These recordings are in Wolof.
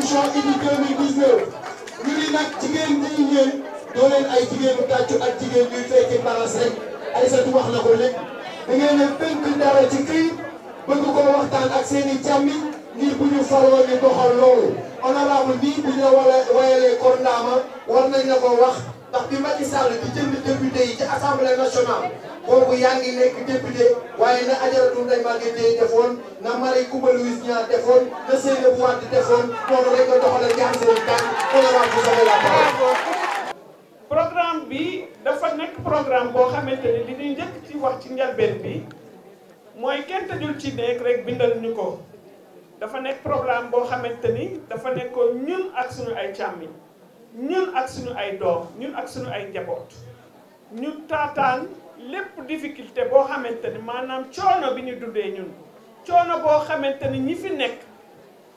émission Idy 2019 ñu ni nag jigéen ñi ñëw doo ay jigéenu tàccu ak jigéen ñuy fekki balance rek Aïssatou wax na ko lépp da ngeen a tënk dara ci këyit bëgg ko waxtaan ak seen i càmmi nii bu ñu faroo ni doxal loolu honorable nii bu ñu la wala wayalee kondaama war nañ la ko wax ndax bi Macky Sall di jënd député yi ci assemblée nationale boobu yaa ngi nekk député waaye na Adjaratou Ndeye Maguette yi defoon na Marie Coumba Louise Niang defoon na Seynabou Wade defoon noonu rek nga seen tànk honorable vous avez programme bi dafa nekk programme boo xamante ni li ñuy njëkk ci wax ci njëlbeen bi mooy kenn tëjul ci nekk rek bindal ñu ko dafa nekk programme boo xamante ni dafa nekkoon ñun ak suñu ay càmmiñ. ñun ak suñu ay doom ñun ak suñu ay njaboot ñu taataan lépp difficulté boo xamante ni maanaam coono bi ñu dundee ñun coono boo xamante ni ñi fi nekk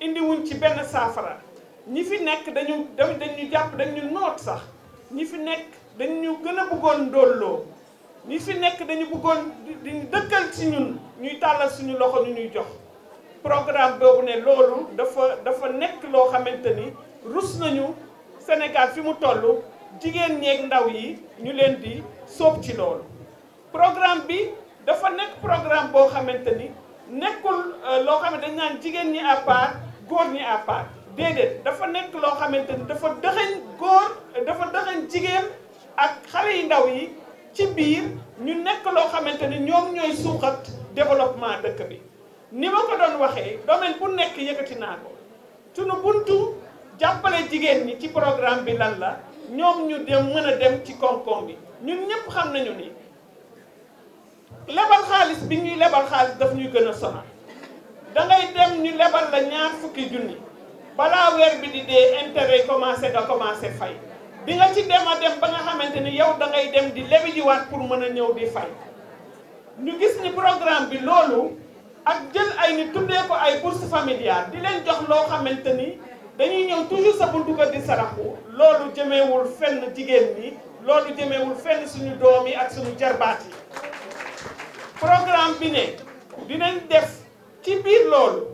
indiwuñ ci benn saafara ñi fi nekk dañu dañu jàpp dañu noot sax ñi fi nekk dañu gën a bëggoon ndóolloo ñi fi nekk dañu bëggoon di dëkkal ci ñun ñuy tàllal suñu loxo ñu ñuy jox programme boobu ne loolu dafa dafa nekk loo xamante ni rus nañu Sénégal fi mu toll jigéen ñeeg ndaw yi ñu leen di sóob ci loolu programme bi dafa nekk programme boo xamante ni nekkul euh, loo xam ne dañ naan jigéen ñi à part góor ñi à part déedéet dafa nekk loo xamante ni dafa dëxañ góor dafa dëxañ jigéen ak xale yi ndaw yi ci biir ñu nekk loo xamante ni ñoom ñooy suuxat développement dëkk bi ni ma ko doon waxee domaine bu nekk yëkkati naa ko sunu buntu jàppale jigéen ñi ci programme bi lan la ñoom ñu dem mën a dem ci koom-koom bi ñun ñëpp xam nañu ni lebal xaalis bi ñuy lebal xaalis daf ñu gën a sonal da ngay dem ñu lebal la ñaar fukki junni balaa weer bi di dee intérêt commencé nga commencé fay bi nga ci dem a dem ba nga xamante ni yow da dem di lebi jiwaat pour mën a ñëw bi fay ñu gis ni programme bi loolu ak jël ay ni tuddee ko ay bourse familiale di leen jox loo xamante ni dañuy ñëw toujours sa buntu di saraxu loolu jëmeewul fenn jigéen ñi loolu jëmeewul fenn suñu doom yi ak suñu jarbaat yi programme bi ne dinañ def ci biir loolu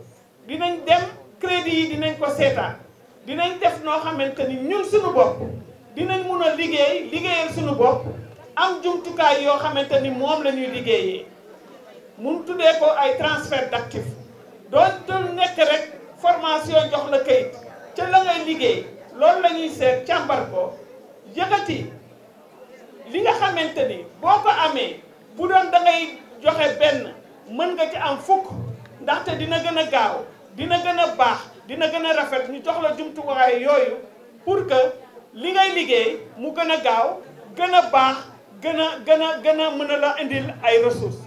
dinañ dem crédit yi dinañ ko seetaan dinañ def noo xamante ni ñun suñu bopp dinañ mun a liggéey liggéeyal suñu bopp am jumtukaay yoo xamante ni moom la ñuy liggéeyee mun tuddee ko ay transfert d'actifs doon nekk rek formation jox la kayit ca la ngay liggéey loolu lañuy ñuy seet càmbar ko li nga xamante ni boo ko amee bu doon da joxe benn mën nga ci am fukk ndaxte dina gën a gaaw dina gën a baax dina gën a rafet ñu jox la jumtuwaay yooyu pour que li ngay liggéey mu gën a gaaw gën a baax gën a gën a gën a mën a la indil ay ressources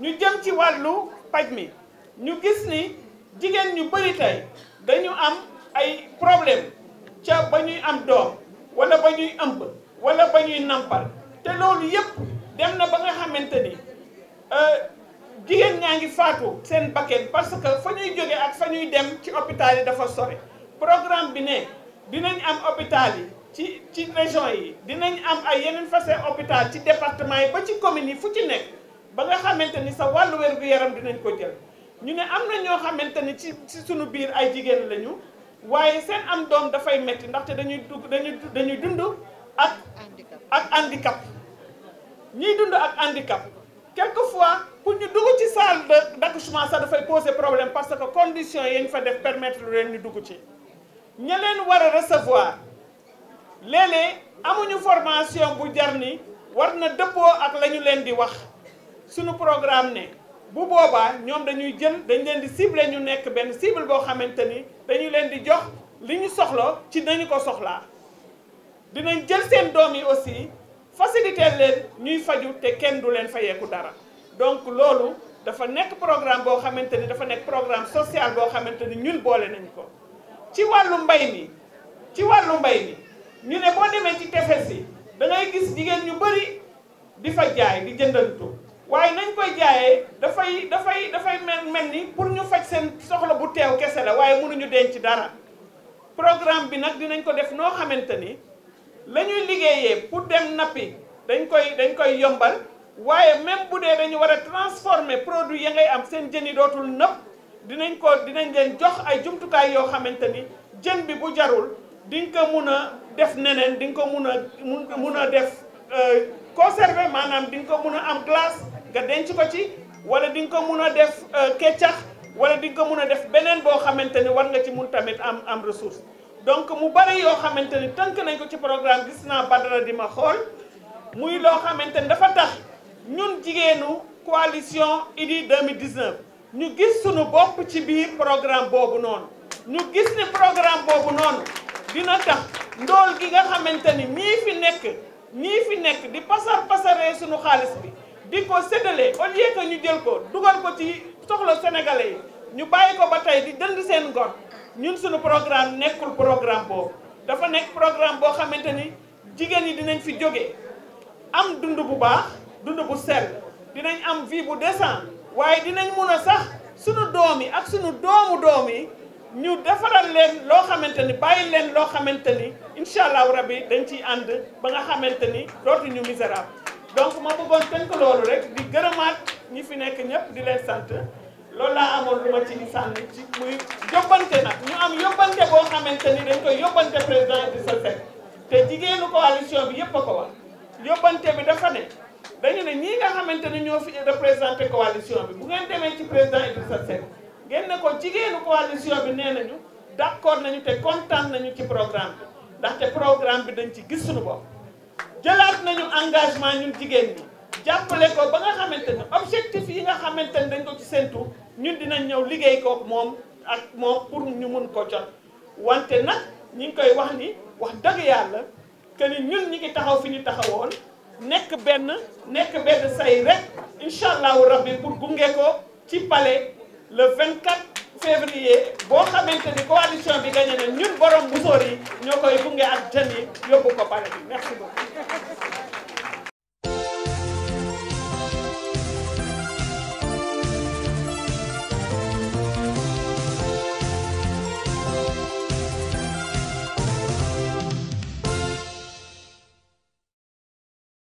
ñu jëm ci wàllu paj mi ñu gis ni jigéen ñu bëri tey dañu am ay problème ca ba ñuy am doom wala ba ñuy ëmb wala ba ñuy nampal te loolu yëpp dem na ba nga xamante ni euh, jigéen ñaa ngi faatu seen bakkan parce que fa ñuy jóge ak fa ñuy dem ci hôpital yi dafa sore programme bi ne dinañ am hôpital yi ci ci région yi dinañ am ay yeneen façon hôpital ci département yi ba ci communes yi fu ci nekk ba nga xamante ni sa wàllu wér gu yaram dinañ ko jël ñu ne am na ñoo xamante ni ci ci sunu biir ay jigéen lañu waaye seen am doom dafay metti ndaxte dañuy dugg dañuy dañuy dund ak ak handicap ñiy dund ak handicap quelquefois pour ñu dugg ci salle d'accouchement sax dafay poser problème parce que condition yi fa def permettre lu leen ñu dugg ci ña leen war a recevoir léeg amuñu formation bu jar ni war na dëppoo ak la ñu leen di wax suñu programme ne bu boobaa ñoom dañuy jël dañ leen di ciblé ñu nekk benn cible boo xamante ni dañu leen di jox li ñu soxla ci dañu ko soxlaa dinañ jël seen doom yi aussi faciliter leen ñuy faju te kenn du leen fayeeku dara donc loolu dafa nekk programme boo xamante ni dafa nekk programme social boo xamante ni ñun boole nañu ko ci wàllu mbay mi ci wàllu mbay mi ñu ne boo demee ci tefes yi da ngay gis jigéen ñu bëri di fa jaay di jëndantu waaye nañ koy jaayee dafay dafay dafay mel mel ni pour ñu faj seen soxla bu teew kese la waaye mënuñu denc dara programme bi nag dinañ ko def noo xamante ni la ñuy liggéeyee pour dem nappi dañ koy dañ koy yombal waaye même bu dee dañu war a transformer produit ya ngay am seen jën yi dootul nëpp dinañ ko dinañ leen jox ay jumtukaay yoo xamante ni jën bi bu jarul di ko mun a def neneen di nga ko mun a mun a def euh, conserver maanaam di nga ko mun a am glace nga denc ko ci wala di nga ko mun a def euh, keccax wala di ko mun a def beneen boo xamante ni war nga ci mun tamit am am ressource donc mu bari yoo xamante ni tënk nañ ko ci programme gis naa Badara di ma xool muy loo xamante ni dafa tax ñun jigéenu coalition IDI 2019 ñu gis sunu bopp ci biir programme boobu noonu ñu gis ne programme boobu noonu dina tax ndool gi nga xamante ni ñii fi nekk ñii fi nekk di pasar pasaree sunu xaalis bi di ko séddale au lieu ñu jël ko dugal ko ci soxla sénégalais yi ñu bàyyi ko ba tey di dënd seen ngor ñun suñu programme nekkul programme boobu dafa nekk programme boo xamante ni jigéen ñi dinañ fi jóge am dund bu baax dund bu sell dinañ am vie bu décent waaye dinañ mun sax suñu doom yi ak sunu doomu doom yi ñu defaral leen loo xamante ni bàyyi leen loo xamante ni incha allahu rabi dañ ciy ànd ba nga xamante ni dootuñu misérable donc ma bëggoon tënk loolu rek di gërëmaat ñi fi nekk ñëpp di leen sant loolu laa amoon lu ma ci sànni ci muy yóbbante nag ñu am yóbbante boo xamante ni dañ koy yóbbante président Idrissa Seck te jigéenu coalition bi yëpp a ko wax yóbbante bi dafa ne dañu ne ñii nga xamante ni ñoo fi représenté coalition bi mu ngeen demee ci président Idrissa Seck ngeen ne ko jigéenu coalition bi nee nañu d' accord nañu te kontaan nañu ci programme bi ndaxte programme bi dañ ci gis suñu bopp jëlaat nañu engagement ñun jigéen ñi jàppale ko ba nga xamante ne objectif yi nga xamante ne dañ ko ci séntu ñun dinañ ñëw liggéey ko moom ak moom pour ñu mun ko jot wante nag ñi ngi koy wax ni wax dëgg yàlla que ni ñun ñi ngi taxaw fi ñu taxawoon nekk benn nekk benn say rek incha allahu rabbi pour gunge ko ci pale le 24. février boo xamante ni coalition bi gagné na ñun borom musóor yi ñoo koy gunge ak jeunes yi yóbbu ko pare bi merci beaucoup